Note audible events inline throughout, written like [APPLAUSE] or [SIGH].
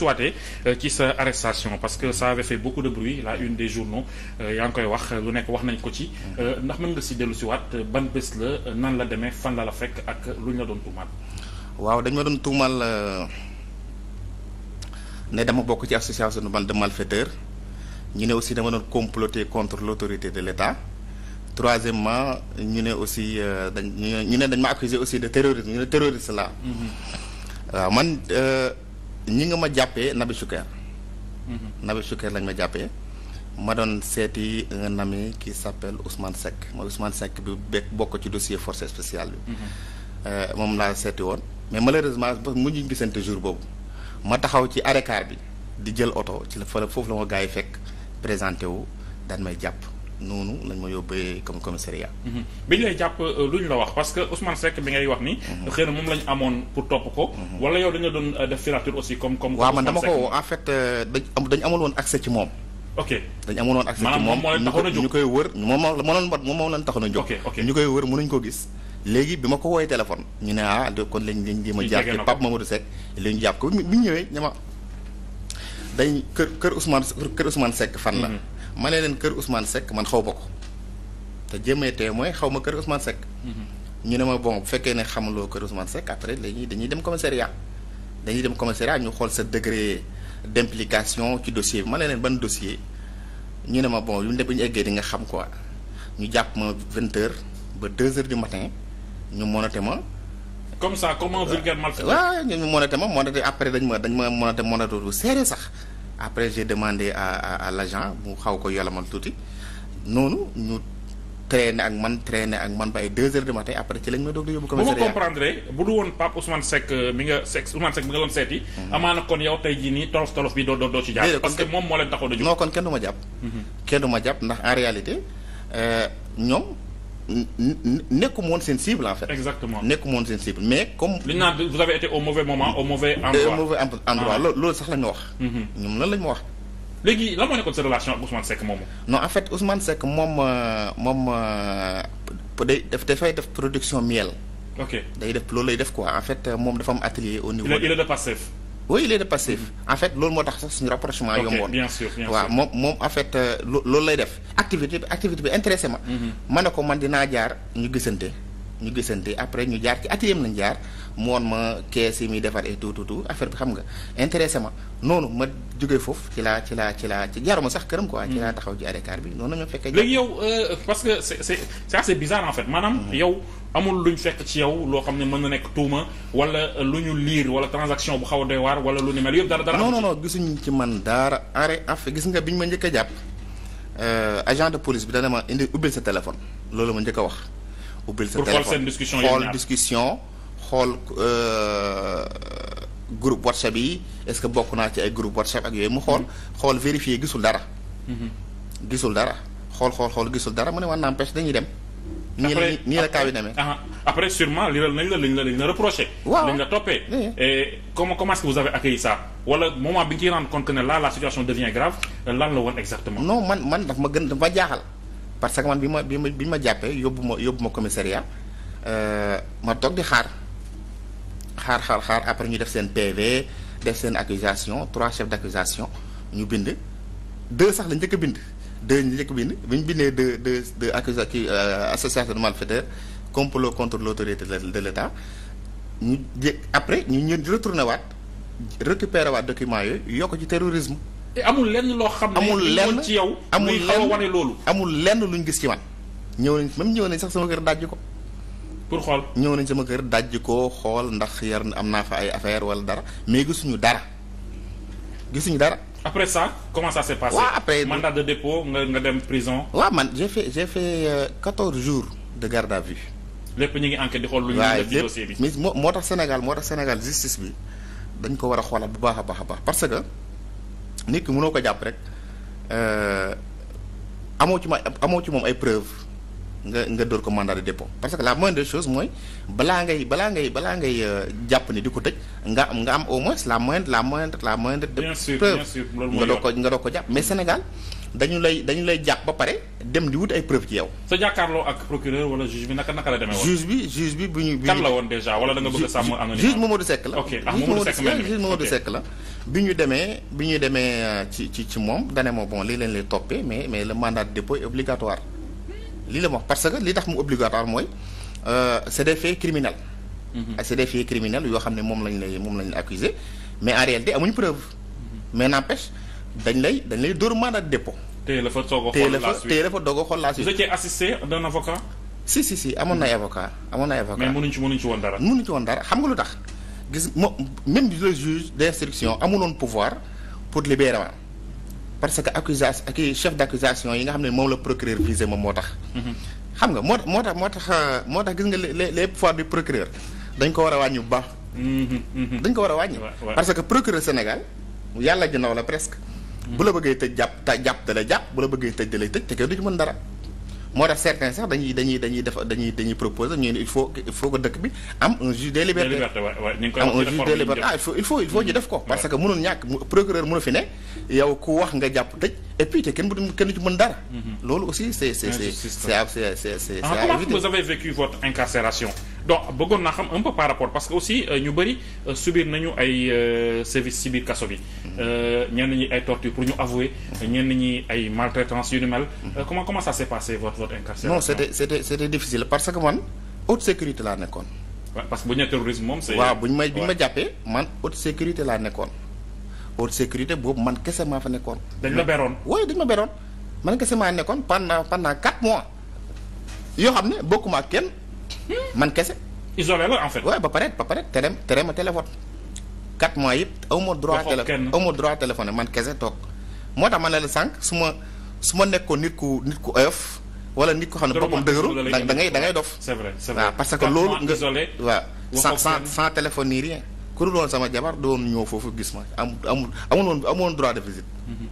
soit euh, ci sa arrestation parce que ça avait fait beaucoup de bruit la une des journaux euh, yaa ngi koy wax lu nekk wax nañ ko ci euh, ndax mën nga si dellu si waat ban bés la nan la demee fan la la fekk ak lu ñu la doon tuumaal waaw dañ ma doon tuumaal ne dama bokk ci association de de malfaiteurs ñu ne aussi dama doon comploter contre l'autorité de l'État troisièmement ñu ne aussi dañ ñu ne dañ ma accuser aussi de terrorisme ñu ne terroriste la mm-hmm. waaw man ñi nga ma jàppee Nabi Choucair. Mhm. Nabi Choucair lañ ma jàppee ma doon seeti un ami qui s'appelle Ousmane Seck mooy Ousmane Seck bi bekk bokk ci dossier force spéciale bi. Mhm. Euh, moom laa seeti woon mais malheureusement mu ñu gisante jour boobu ma taxaw ci arrêt bi di jël oto ci la foofu la ma gars yi fekk présenté wu daan may jàpp. noonu lañ ma yóbbee comme commissariat. Mhm. bi ñu lay jàpp euh, lu ñu la wax parce que Ousmane Seck bi ngay wax ni. Mhm. xëy na moom lañ amoon pour topp ko. Mhm. wala yow dañu doon euh, def filature aussi comme comme. waaw man dama ko en fait euh, dañ amul woon accès ci moom. ok dañ amoon woon accès ci moom ñu koy wër moom moom moom moom lañ taxoon a jóg. ñu koy wër mënuñ ko gis. léegi bi ma ko woowee téléphone ñu ne ah kon lañ lañ jéem a jaar ci Pape Mamadou Seck li ñu jàpp ko bi ñu ñëwee ñama dañ kër kër Ousmane kër Ousmane Seck fan la ma ne leen kër Ousmane sekk man xaw ma ko te jëmee témoin xaw ma kër Ousmane Seck. Mhm. ñu ne ma bon bu fekkee ne xamuloo kër Ousmane Seck après léegi dañuy dem commissariat dañuy dem commissariat ñu xool sa degré d' ci dossier bi ma ne leen ban dossier ñu ne ma bon lu ne bu ñu eggee di nga xam quoi ñu jàpp ma vingt heures ba deux heures du matin ñu monote ma. comme sa comment vulgaire euh, malfaiteur. waaw ñu monote ma monote après dañ ma dañ ma monote monote lu seere sax. après j'ai demandé à l'agent mu xaw ko yolamal tuuti noonu ñu traîner ak man traîner ak man ba ay deux heures du matin après ci lañ ma doog di yóbbu commissariat comprendre bu du woon Pape Ousmane Seck euh, mi nga Seck Ousmane nga doon seeti mhm. amaana kon yow tey jii nii tolof tolof bi doo doo doo ci jàpp parce que moom moo leen taxoon a jóg non kon kenn ma jàpp mhm. kenn ma jàpp ndax en réalité euh, ñoom nekku moon seen cible en fait. exactement nekku moon seen mais comme. li ñu naan vous avez été au mauvais moment au mauvais endroit. au ah. loolu sax la wax. Mhm. ñoom lan la ñu wax. léegi lan moo nekkoon sa relation ak Ousmane Seck moomu. non en fait Ousmane moom euh, moom euh, day def dafay def production miel. ok day def loolu lay def quoi en fait moom dafa am atelier au niveau. oui il est de passif en fait loolu moo tax sax suñu rapprochement yomboon bien moom moom en fait euh, loolu lay def activité bi activité bi intéressé ma mhm. ma ko man dinaa jaar ñu gisante ñu gisante après ñu jaar ci atelier am lañ jaar mu woon ma kees muy defar et tout tout tout bi xam nga intéressé ma noonu ma jógee foofu ci laa ci laa ci laa ci jaaruma sax këram quoi. ci laa mhm. taxaw ci arrêt car bi noonu la ñu fekkee. léegi yow euh, parce que c'est c'est c'est assez en fait maanaam mhm. yow. amul luñ fekk ci yow loo xam ne mën na nekk tuuma wala lu ñu liir wala transaction bu xaw a waar wala lu ni mel yëpp dara dara. non non non ci man dara arrêt affaire gis nga biñ ma njëkk a jàpp euh, agent de police bi dana ma indi ubbil sa téléphone loolu ma njëkk a wax. ubbil sa téléphone pour xool seen discussion xool discussion xool euh, groupe WhatsApp yi est-ce que bokk naa ci ay groupe WhatsApp ak yooyu mu xool mm-hmm. xool vérifier gisul dara. Mm-hmm. gisul dara xool xool xool gisul dara mu ne ma n'empêche dañuy dem. nii la nii la kaw demee. Ah, après sûrement li lañ la lañ la lañ la reproché. waaw lañ la toppee. et comment comment est-ce que vous avez accueilli ça wala moment bi nga ciy rendre compte que ne là la situation devient grave lan la woon exactement. non man man daf ma gën daf ma jaaxal parce que man bi ma bi ma bi ma jàppee yóbbu ma yóbbu ma commissariat euh, ma toog di xaar xaar xaar xaar après ñu def seen PV def seen accusation trois chefs d'accusation ñu bind deux sax lañ njëkk bind. deux ñu njëkk bind bi ñu bindee de de deux accusations euh, association de malfaiteurs complot contre l'autorité de l'État ñu jé après ñu ñun retourné waat récupéré waat documents yooyu yokk ci terrorisme. te amul lenn loo xam ne amul lenn ci yow. amul lenn loolu. amul lenn luñ gis ci man ñëw nañ même ñëw nañ sax sama kër dajji ko. pour xool ñëw nañ sama kër dajj ko xool ndax yar am naa fa ay affaire wala dara mais gisuñu dara gisuñu dara. après ça comment ça s'est passé. waaw ouais, après mandat de dépôt nga nga dem prison. waaw ouais, man j'ai fait j'ai fait euh, quatorze euh, jours de garde à vue. lépp ñu ngi enquête di xool lu ñu def ci dossier bi moo tax Sénégal moo tax Sénégal justice bi dañ ko war a xoolal bu baax a baax a baax parce que nit ki mënoo ko jàpp rek euh, amoo ci ma amoo ci moom ay preuves. nga nga dóor ko mandat de dépôt parce que la moindre chose mooy balaa ngay balaa ngay balaa ngay euh, jàpp ni di ko tëj nga am nga am au moins la moindre la la moindre de preuve nga doo ko nga doo ko jàpp mais Sénégal dañu lay dañu lay jàpp ba pare dem di wut ay preuve ci yow. sa jàkkaarloo ak procureur wala juge bi naka naka la demee woon. juge bi juge bi bi ñu demee bi ñu demee euh, ci ci ci moom dane moo bon lii leen lay toppee mais mais le mandat de dépôt est obligatoire. lii la mu parce que li tax mu obligatoire mooy euh, c'est des faits criminels. Mm-hmm. c'est des faits criminels yoo xam ne moom lañ lay moom lañ lay accuser mais en réalité amuñu preuve. Mm-hmm. mais n'empêche dañ lay dañ lay dóor mandat de dépôt. téye la la suite téye la fa doog a xool la suite. vous étiez assisté d'un avocat. si si na ay avocat amoon na ay avocat. mais mënuñ ci mënuñ ci woon dara. mënuñ ci woon dara xam nga que accusation ak yi nga xam ne moom la procureur visé moom moo tax. xam nga moo tax moo tax moo tax euh, moo tax gis nga les les pouvoirs du procureur dañ ko war a wàññi bu baax. Mm-hmm, dañ ko war a wàññi. Mm-hmm. parce que procureur Sénégal yàlla ji ndaw la presque. Mm-hmm. bu la bëggee tëj jàpp ta jàpp da lay jàpp bu la bëggee tëj da lay tëj te kenn du ci mën dara. moo tax certains sax dañuy dañuy dañuy def dañuy dañuy proposer ñu ne il faut il faut que dëkk bi am un juge des libertés am un ah il faut il faut ñu def ko parce que mënul ñàkk procureur mënu fi ne yow ku wax nga jàpp tëj et puis te kenn bu kenn ci mën dara mm-hmm. loolu aussi c'est c'est c'est c'est c'est c'est c'est c'est donc bëggoon naa xam un peu par rapport parce que aussi euh, ñu bëri euh, subir nañu ay euh, service ci biir kaso bi mhm. ñenn ñi ay torture pour ñu avouer ñenn ñi ay maltraitance yu ni mel mhm. comment comment ça s'est passé votre votre incarcération non c'était c'était c'était difficile parce que man haute laa nekkoon parce que bu ñu nee terrorisme moom c'est waaw bu ñu ma jàppee man haute laa nekkoon haute sécurité boobu man kese maa fa nekkoon dañ la beroon waaye dañ ma beroon man kese maa nekkoon pendant pendant quatre mois yoo xam ne bokkuma ak kenn man kese. isolé la en fait. waaw ba pare ba pare tere tere ma téléphone. quatre mois yëpp aw ma droit téléphone aw ma droit téléphone man kese toog moo tax man la sànq su ma su ma nekkoon nit ku nit ku oyof wala nit ko xam ne boppam dëgëru da ngay da ngay dof. c'est parce que loolu nga waaw sans sans sans téléphone ni rien. ku dul woon sama jabar doon ñëw foofu gis ma am amul amuloon amuloon droit de visite. Mm-hmm.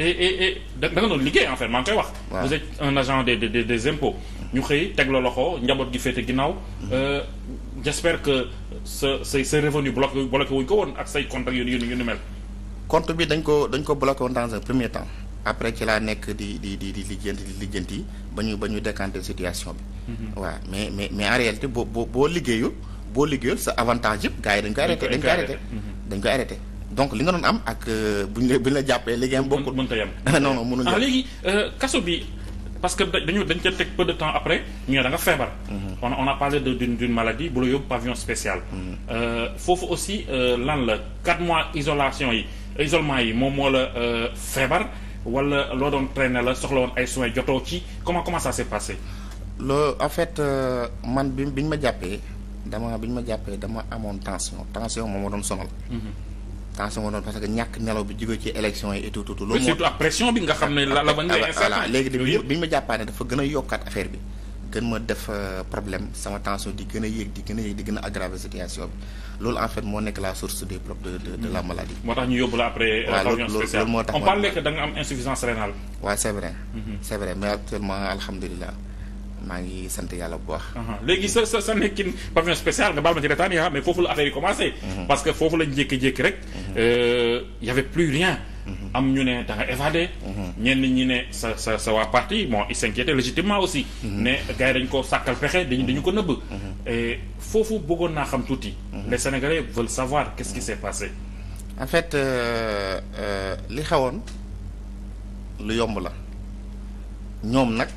et et et da nga doon liggéey en fait maa ngi koy wax. vous ñu xëy teg la loxo njaboot gi féete ginnaaw. Mhm. Euh, j'espère que sa sa sa revenu bloqué bloqué wuñ ko woon ak say compte ak yu yu yu ni mel. compte bi dañ ko dañ ko bloqué woon dans un premier temps. après ci nekk di di di di lijjanti di lijjanti ba ñu ba ñu décanté situation bi. Mhm. waaw mais mais mais en boo boo boo liggéeyul boo liggéeyul sa avantage yëpp gars yi dañ ko arrêté dañ ko mhm. arrêté donc li nga doon am ak euh, bu ñu la bu ñu la jàppee liggéeyam bokkul. mënut a yem [LAUGHS] mënul ah, yem. Euh, kaso bi. parce que dañu dañ ca teg peu de temps après ñu ne da feebar. Mhm. on a on a parlé de d'une d'une maladie bu la yóbbu pavillon spécial. Mhm. Euh, foofu aussi euh, lan la quatre mois isolation yi isolement yi moom moo la euh, feebar wala loo doon traîner la soxla woon ay soins jotoo ci comment comment ça s'est passé. loo en fait man bi bi ñu ma jàppee dama bi ñu ma jàppee dama amoon tension tension moom moo doon sonal. Mhm. tension noonu parce que ñàkk nelaw bi jóge ci élection yi et tout tout loolu surtout ak pression bi nga xam ne la la ba ah, voilà léegi de bi ñu a c'est vrai hmm, hmm. c'est vrai mais actuellement alhamdulilah maa ngi sant yàlla bu baax. Uh-huh. léegi sa sa sa nekkin pavillon spécial nga baal ma ci retaan ah, mais foofu la affaire commencé. Uh-huh. parce que foofu lañ jékki-jékki rek. Uh-huh. Euh, ya avait plus rien. am ñu ne da nga évadé. ñenn ñi ne sa sa sa waa parti moo ils s'inquiétaient légitimement aussi. ne gars yi dañu ko sàkkal pexe dañu dañu ko nëbb. foofu bëggoon naa xam tuuti. les sénégalais veulent savoir qu'est-ce qui s'est passé. en fait euh, euh, li xewoon lu yomb la ñoom nag.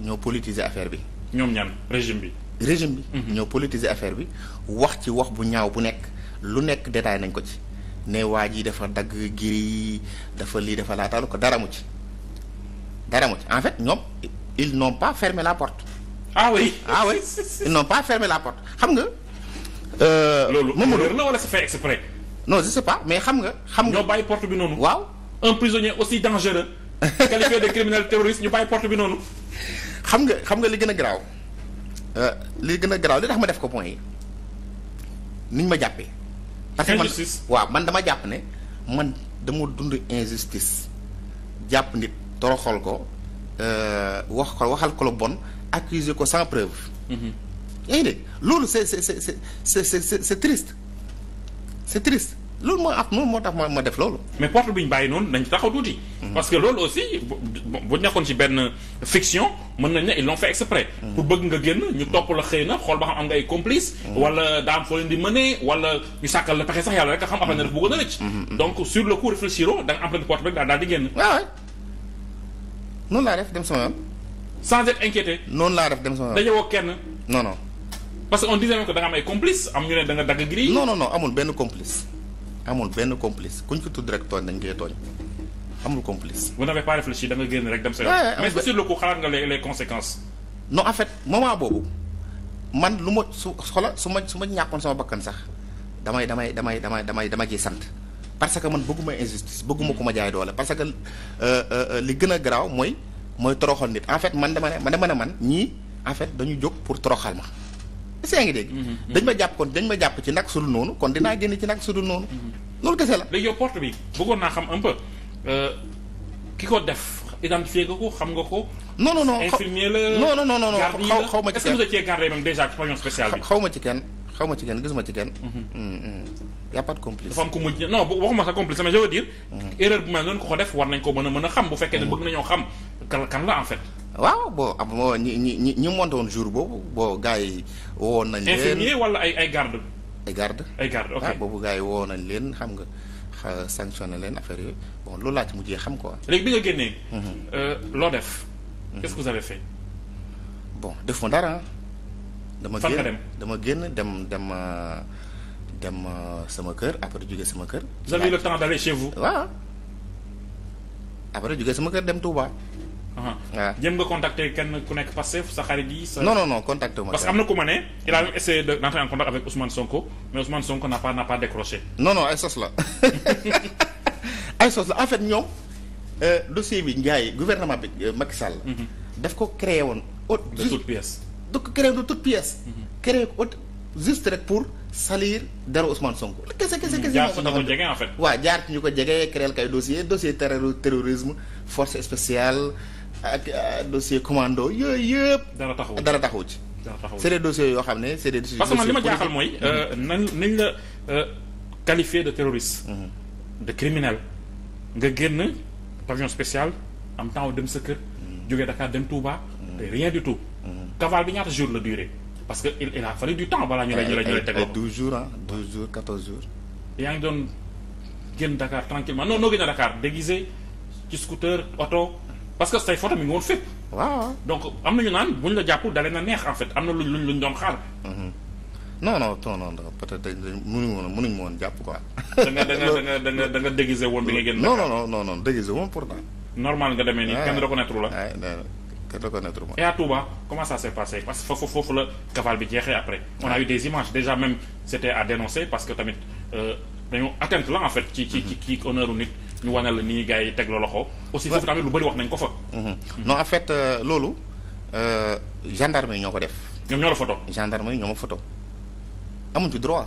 ñoo politiser affaire bi. ñoom ñaan régime bi. régime bi. Mhm. ñoo politiser affaire bi wax ci wax bu ñaaw bu nekk lu nekk détaillé nañ ko ci ne waa ji dafa dagg giri dafa lii dafa laataalu ko dara mu ci dara mu ci en fait ñoom ils n'ont pas fermé la porte. ah oui ah oui pas fermé la porte xam nga. Euh, loolu moom la wala c'est fait exprès. mais xam nga. xam nga ñoo bàyyi porte bi noonu. waaw un prisonnier aussi dangereux. qualifié de criminel terroriste ñu bàyyi porte bi noonu. xam nga xam nga li gën a garaaw euh, li gën a garaaw li tax ma def ko point yi niñ ma jàppee. parce que man waaw man dama jàpp ne man dama dund injustice jàpp nit toroxal ko euh, wax ko waxal ko lu bon accuser ko sans preuve. Mhm. yaa loolu c'est c'est c'est c'est c'est triste c'est triste. loolu moo at moom moo tax ma ma def loolu. mais porte bi ñu bàyyi noonu nañ taxaw tuuti. Mm-hmm. parce que loolu aussi bu bu nekkoon ci benn fiction mën nañ ne ils l'ont fait exprès. pour mm-hmm. bëgg nga génn ñu topp la xëy na xool ba xam am nga ay complice. Mm-hmm. wala daa am foo leen di wala ñu la pexe sax yàlla rek xam après na def bëgg na rëcc. donc sur le coup réfléchiro da nga emprunté porte bi daal di génn. waaw ah noonu laa def dem sama yoon. sans être inquiété. noonu laa def dem sama yoon dajewoo kenn. non non. parce que on da nga am ay complice da nga dagg gris. non non amul benn complice. amul benn complice kuñ ko tudd rek tooñ dañ koy tooñ amul complice. vous n'avez pas réfléchi da génn rek dem sa yoon. mais sur le nga les les conséquences. non en fait moment boobu man lu ma su xola su ma su ma ñàkkoon sama bakkan sax damay damay damay damay damay dama ciy sant parce que man bëgguma injustice bëgguma ku ma jaay doole parce que euh, euh, li gën a garaaw mooy mooy toroxal nit en fait man dama ne man dama man ñii en fait dañu jóg pour toroxal ma. yaa ngi dégg. Mhm, mhm. dañ ma jàpp kon dañ ma jàpp ci nag sudul noonu kon dinaa mhm. génn ci nag sudul noonu. loolu kese la. léegi yow porte bi naa xam un peu euh, ki ko def identifié nga ko xam nga ko. non non non infirmier la non non non xaw ma ci kenn est-ce que vous étiez ma ci kenn xaw ma ci kenn gisuma ci mm, mm. a pas mm. def war nañ ko mën a mën a xam bu fekkee ne bëgg nañoo xam kan kan la en fait. waaw bon am ñi ñi ñi ñi woon jour boobu boo gars yi woon nañ leen infirmier wala ay ay garde ay garde ay garde ok ah, boobu gars yi woo nañ leen xam nga sanctionné leen affaire yooyu bon loolu laa ci mujjee xam quoi. léegi bi nga génnee. Mhm. Euh, loo def. Mhm. qu'est-ce que vous def ma dara dama génn dama génn dem dem euh, dem euh, sama kër après jóge sama kër. vous avez eu le jóge sama kër dem Touba. waaw ah. jëm nga contacter kenn ku nekk Pastef sa xarit yi sa. non non non contacté ma parce que am na ku ma ne. il a même essayé de d'entrer en contact avec Ousmane Sonko mais Ousmane Sonko n'a pas n'a pas décroché. non non ay sos la [LAUGHS] ay sos la en ñoom euh, dossier bi Ndiaye gouvernement bi euh, Macky mhm. daf ko créé woon. de toute pièce. da ko créé de toute pièce. créé ko juste rek pour salir dara Ousmane Sonko. kese kese kese ko jege en fait. jaar ci ñu ko jege créé kay dossier dossier terrorisme ak euh, dossier commando yooyu yëpp. dara taxawu dara taxawu ci. c'est des yoo xam ne c'est des. parce que man li ma jaaxal mooy euh, nañ la euh, qualifié de terroriste. Mhm. de criminel nga génn pavillon spécial am temps dem sa kër. Mhm. jógee Dakar dem Touba. Mhm. te rien du tout. cavale bi ñaata jours la durée. parce que il a fallu du temps balaa ñu lay ñu lay ñu lay yaa ngi doon génn Dakar tranquillement non noo génn Dakar déguisé ci scooter oto. parce que say photo mi ngi woon fépp. waaw donc am na ñu naan buñ la jàpp dalee na neex en am na luñ luñ luñ doon xaar. Mhm. non non non non peut-être mënuñu woon mënuñu woon jàpp quoi. da nga da nga da nga da normal nga demee nii kenn reconnaître la. kenn reconnaître ma. et à Touba comment ça s'est passé foofu la cavale bi jeexee après. on a eu des images déjà même c'était à dénoncer parce que tamit euh, dañoo atteinte la en ci ci ci mhm. honneur nit. ñu wane la nii gars yi teg la loxo. aussi foofu tamit lu bëri wax nañ ko fa. Mm-hmm. non en fait euh, loolu euh, gendarme yi ñoo ko def. ñoom ñoo la photo. gendarme yi ñoo ma photo amuñ ci droit.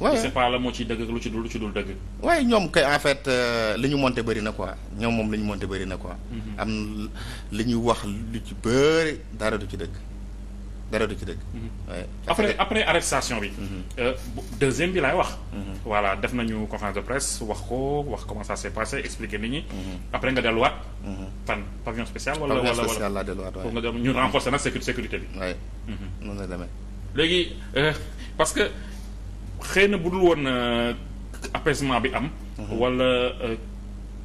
waaw c'est moo ci dëgg lu ci dul lu ci dul dëgg. waaye ñoom kay en euh, li ñu monté bari na quoi ñoom moom li ñu monté bëri na quoi. Mhm. li ñuy wax lu ci bëri dara du ci dëgg dara du ci dëgg. Mhm. après après arrestation bi. Mhm. Euh, deuxième bi laay wax. voilà def nañu conférence de presse wax ko wax comment ça s'est passé expliquer nit ñi. après nga delluwaat. fan pavillon spécial. wala wala pavillon spécial laa delluwaat waaye. nga dem ñu renforcer nag sécurité sécurité bi. waaye noonu la demee. léegi euh, parce que. xëy na bu dul woon euh, apaisement bi am. Mhm. wala euh,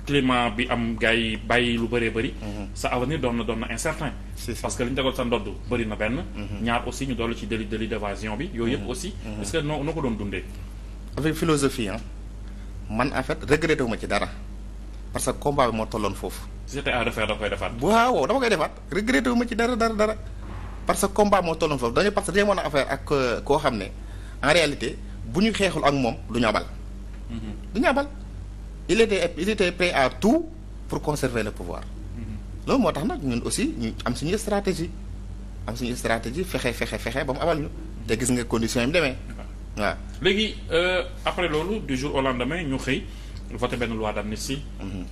climat bi am gars yi bàyyi lu bëree bëri. Mhm. sa avenir doon na doon na incertain. parce que li ñu tegoon sa ndodd bëri na benn. Mhm. ñaar aussi ñu dolli ci délit délit d'évasion bi. yooyu yëpp aussi. est-ce que noo noo ko doon dundee. avec philosophie ah man en fait regretté wu ma ci dara parce que combat moo tolloon foofu. c'était à refaire koy defaat. waaw dama koy defaat regretté wu ma ci dara dara dara parce que combat moo tolloon foofu dañu parce que dañoo mën a affaire ak euh, koo xam ne en réalité. bu ñu xeexul ak moom du ñu abal. Mm-hmm. du abal il était il était prêt à tout pour conserver le pouvoir. Mm-hmm. loolu moo tax nag ñun aussi ñu am suñu stratégie am suñu stratégie fexe fexe fexe ba mu abal ñu. te gis nga condition yi mu demee. waaw léegi euh, après loolu du jour au lendemain ñu xëy. voté benn loi si mm-hmm.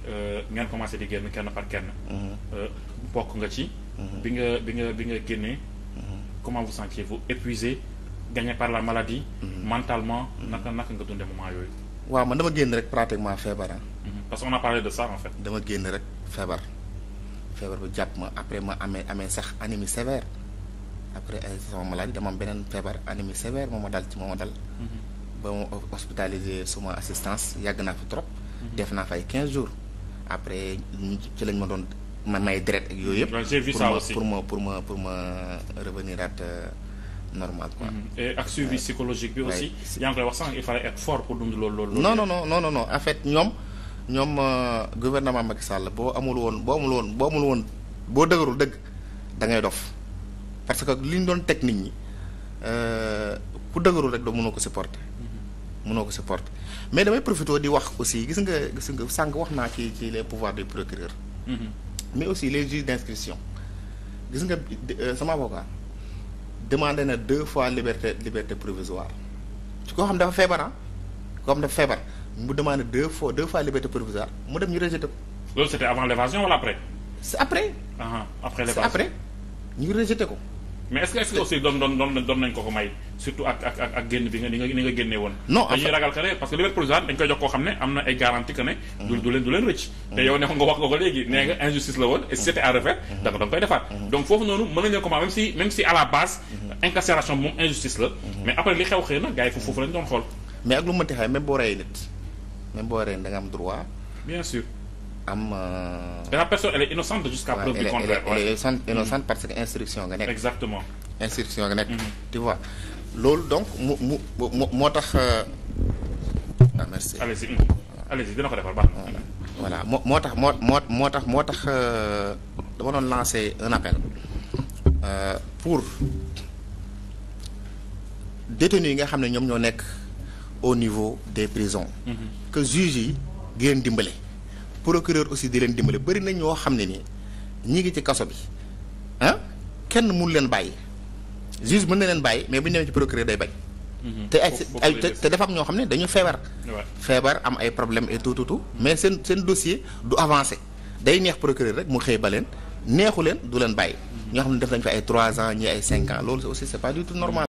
euh, ngeen commencé di génn kenn par kenn. Euh, bokk nga ci. bi nga bi nga bi nga génne comment vous sentiez-vous épuisé. gagné par la maladie. Mhm. mentalement mhm. naka naka nga dundee moment yooyu. waaw man dama génn rek pratiquement feebar ah. mhm. parce que on a parlé de ça dama génn rek feebar feebar bi jàpp ma après ma amee amee sax anémie sévère après sama maladie dama am beneen feebar anémie sévère moo ma dal ci moo ma dal. ba ma hospitalisé suma assistance yàgg naa fi trop. def naa fay 15 jours après ci lañ ma doon ma may deret ak yooyu yëpp. j'ai vu ça aussi pour ma pour ma pour ma revenir euh, normal quoi. Mm-hmm. et ak suivi psychologique bi aussi. yaa ngi koy wax sànq il fallait être fort pour dund loolu loolu. non non non non non en fait ñoom ñoom euh, gouvernement Macky Sall boo amul woon boo amul woon boo amul woon boo dëgërul dëgg da ngay dof parce que li ñu doon teg nit ñi euh, ku dëgërul rek doo mënoo ko supporter. Mm-hmm. mënoo ko supporter mais damay profité di wax aussi gis nga gis nga sànq wax naa ci ci les pouvoirs du procureur. Mm-hmm. mais aussi les juges d'instruction. gis nga euh, sama avocat. demande na deux fois liberté liberté provisoire ci koo xam dafa feebar ah koo xam dafa feebar mu demande deux fois deux fois liberté provisoire mu dem ñu rejeté ko. loolu c'était avant l'évasion wala après. c'est après. uh après l'évasion c'est après ñu rejeté ko. mais est-ce que est aussi doon doon doon nañ ko ko may surtout ak ak ak génn bi nga ni nga ni woon. non dañuy ragal que ne parce que liberté provisoire dañ koy jox koo xam ne am na ay garantie que ne. du du leen du leen rëcc. te yow ne ko nga wax nga ko léegi nee nga injustice la woon et si c'était à mhm. koy defaat. Mhm. donc foofu noonu mën nañu ko même si si à la base. Mhm. incarcération moom injustice la. mais après li xew xëy na gars foofu lañ doon xool. mais ak am droit. bien am. Euh... la personne elle est innocente jusqu'à preuve ouais, du contraire. elle, elle, elle ouais. est innocente, mhm. innocente mm -hmm. parce que instruction nga nekk. exactement nga nekk. Mm -hmm. loolu donc mu mu mu moo tax. Euh, ah merci allez-y mhm. mhm. voilà moo moo tax moo moo moo tax moo tax euh, dama doon lancer un euh, pour détenus yi nga xam ne ñoom ñoo nekk au niveau des prisons. Mm -hmm. que juges yi gën dimbale. procureur aussi di leen dimbale bëri na ñoo xam ne nii ñi ngi ci kaso bi ah kenn mënu leen bàyyi juge mën na leen bàyyi mais bu ñu demee day bañ. Mhm. te ay te dafa ñoo xam ne dañu feebar. feebar am ay problème et tout tout mais seen seen dossier du avancé day neex procureur rek mu xëy ba leen neexu leen du leen bàyyi. Mhm. ñoo xam ne def nañ fa ay 3 ans ñii ay 5 ans loolu aussi pas du tout normal.